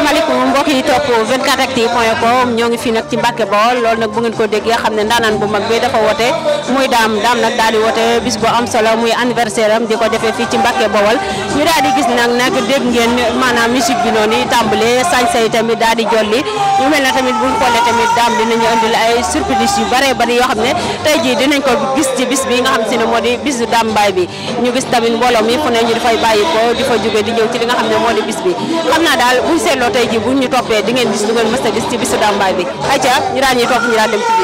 salaamaaleykum mbokk yi topp 24actu point com ñoo ngi fi nag ci Mbàkke Bawol loolu nag bu ngeen ko déggee xam ne ndaanaan bu mag bi dafa woote muy daam daam nag daal di bis bu am solo muy anniversaire di ko defee fii ci Mbàkke Bawol ñu daal di gis nag nag dégg ngeen maanaam musique bi noonu tamit daal di ñu mel ay surprise yu bare bari yoo xam ne tey jii dinañ ko gis ci bis bi nga xam si ne moo di bisu daam mbaay bi ñu gis tamit mbooloo mi fu toppee di ngeen gis lu ngeen mës a gis ci topp ñu daal dem ci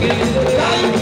Thank you.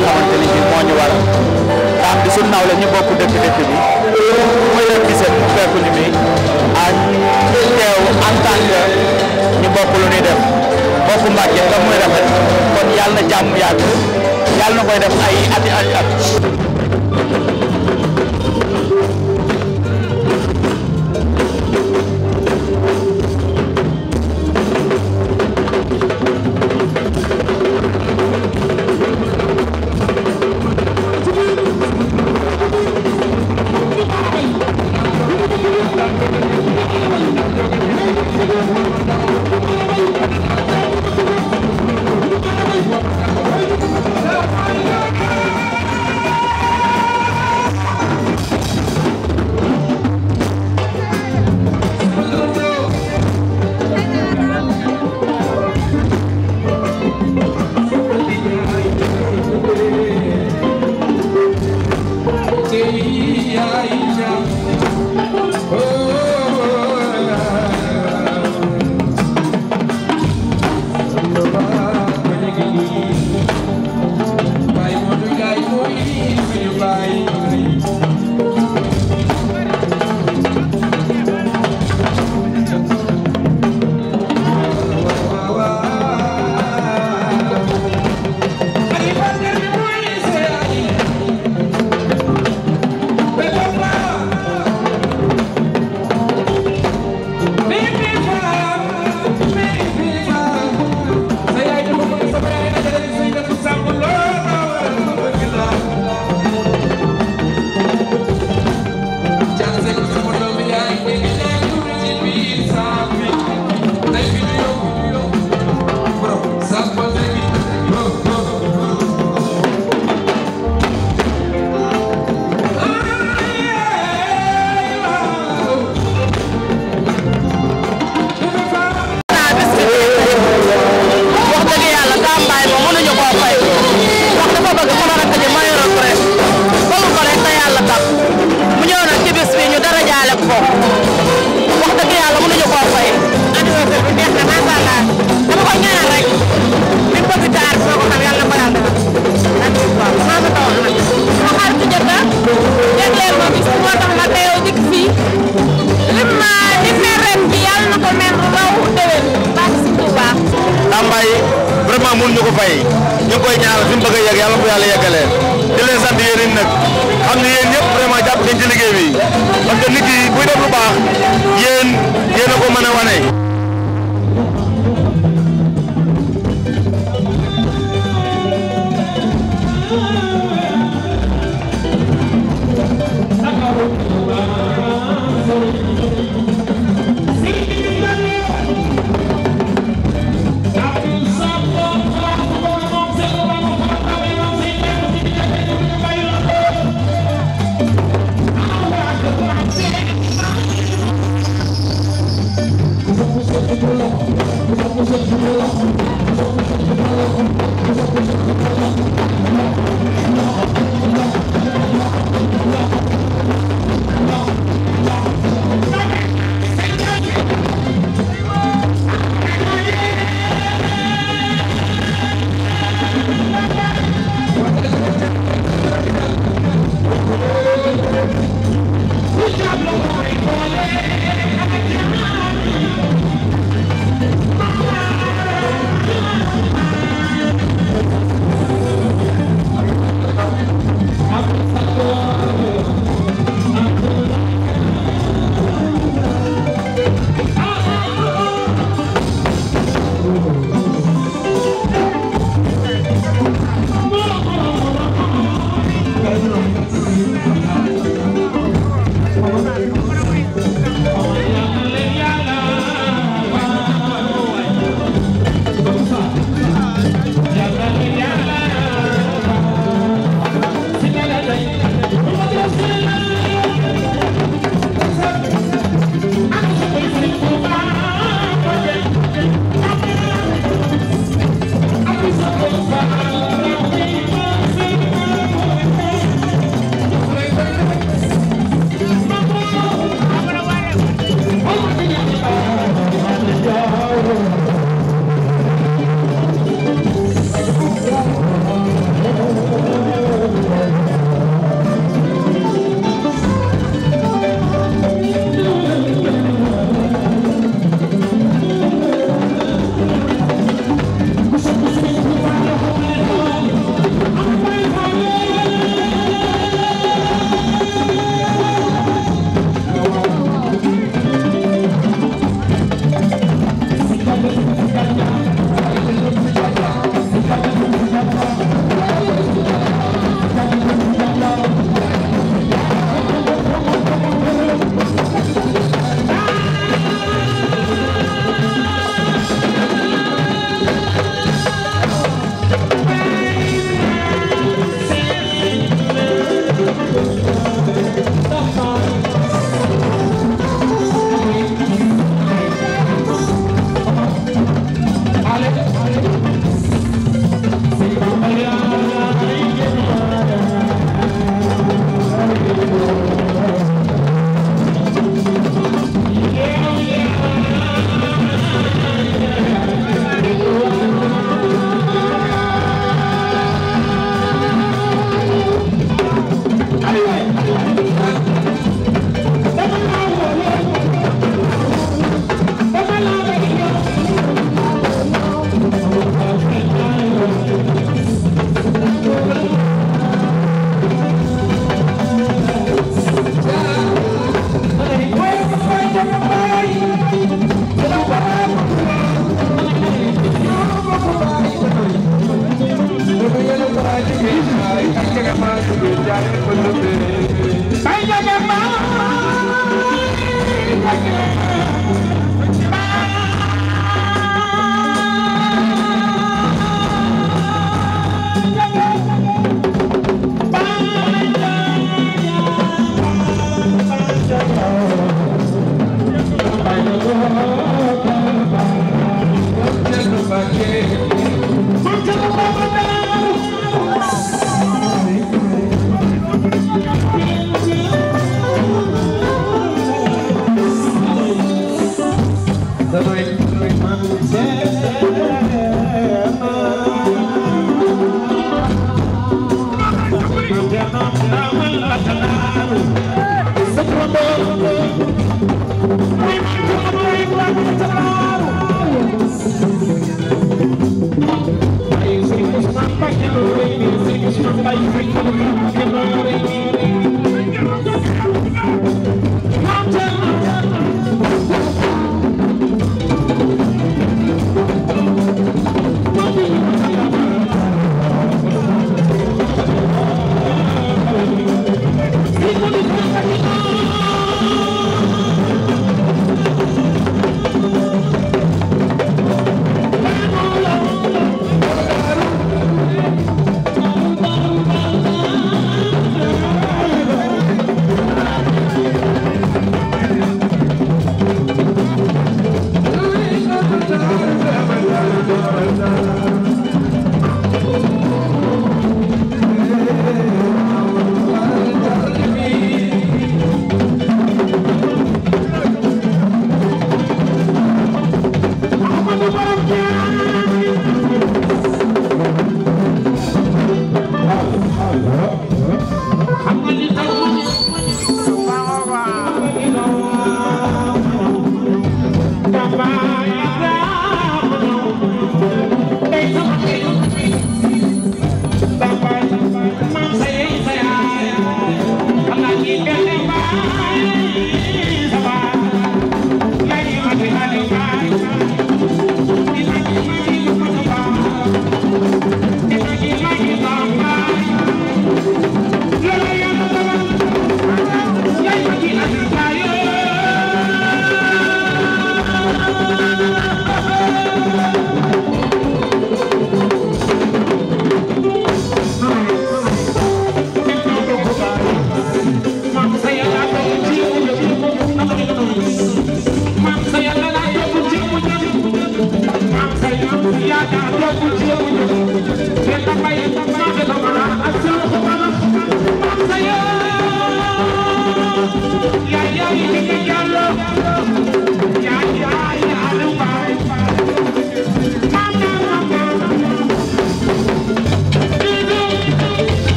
nga xamante ni bii moo ñu war ndax di suñu ñu bokk dëkk dëkk bi muy leen gisee bu fekku ñu bi ak teew en tant que ñu bokk lu ñuy def bokk Mbàkke daf muy rafet kon yàlla na jàmm yàgg yàlla na koy def ay ati ay at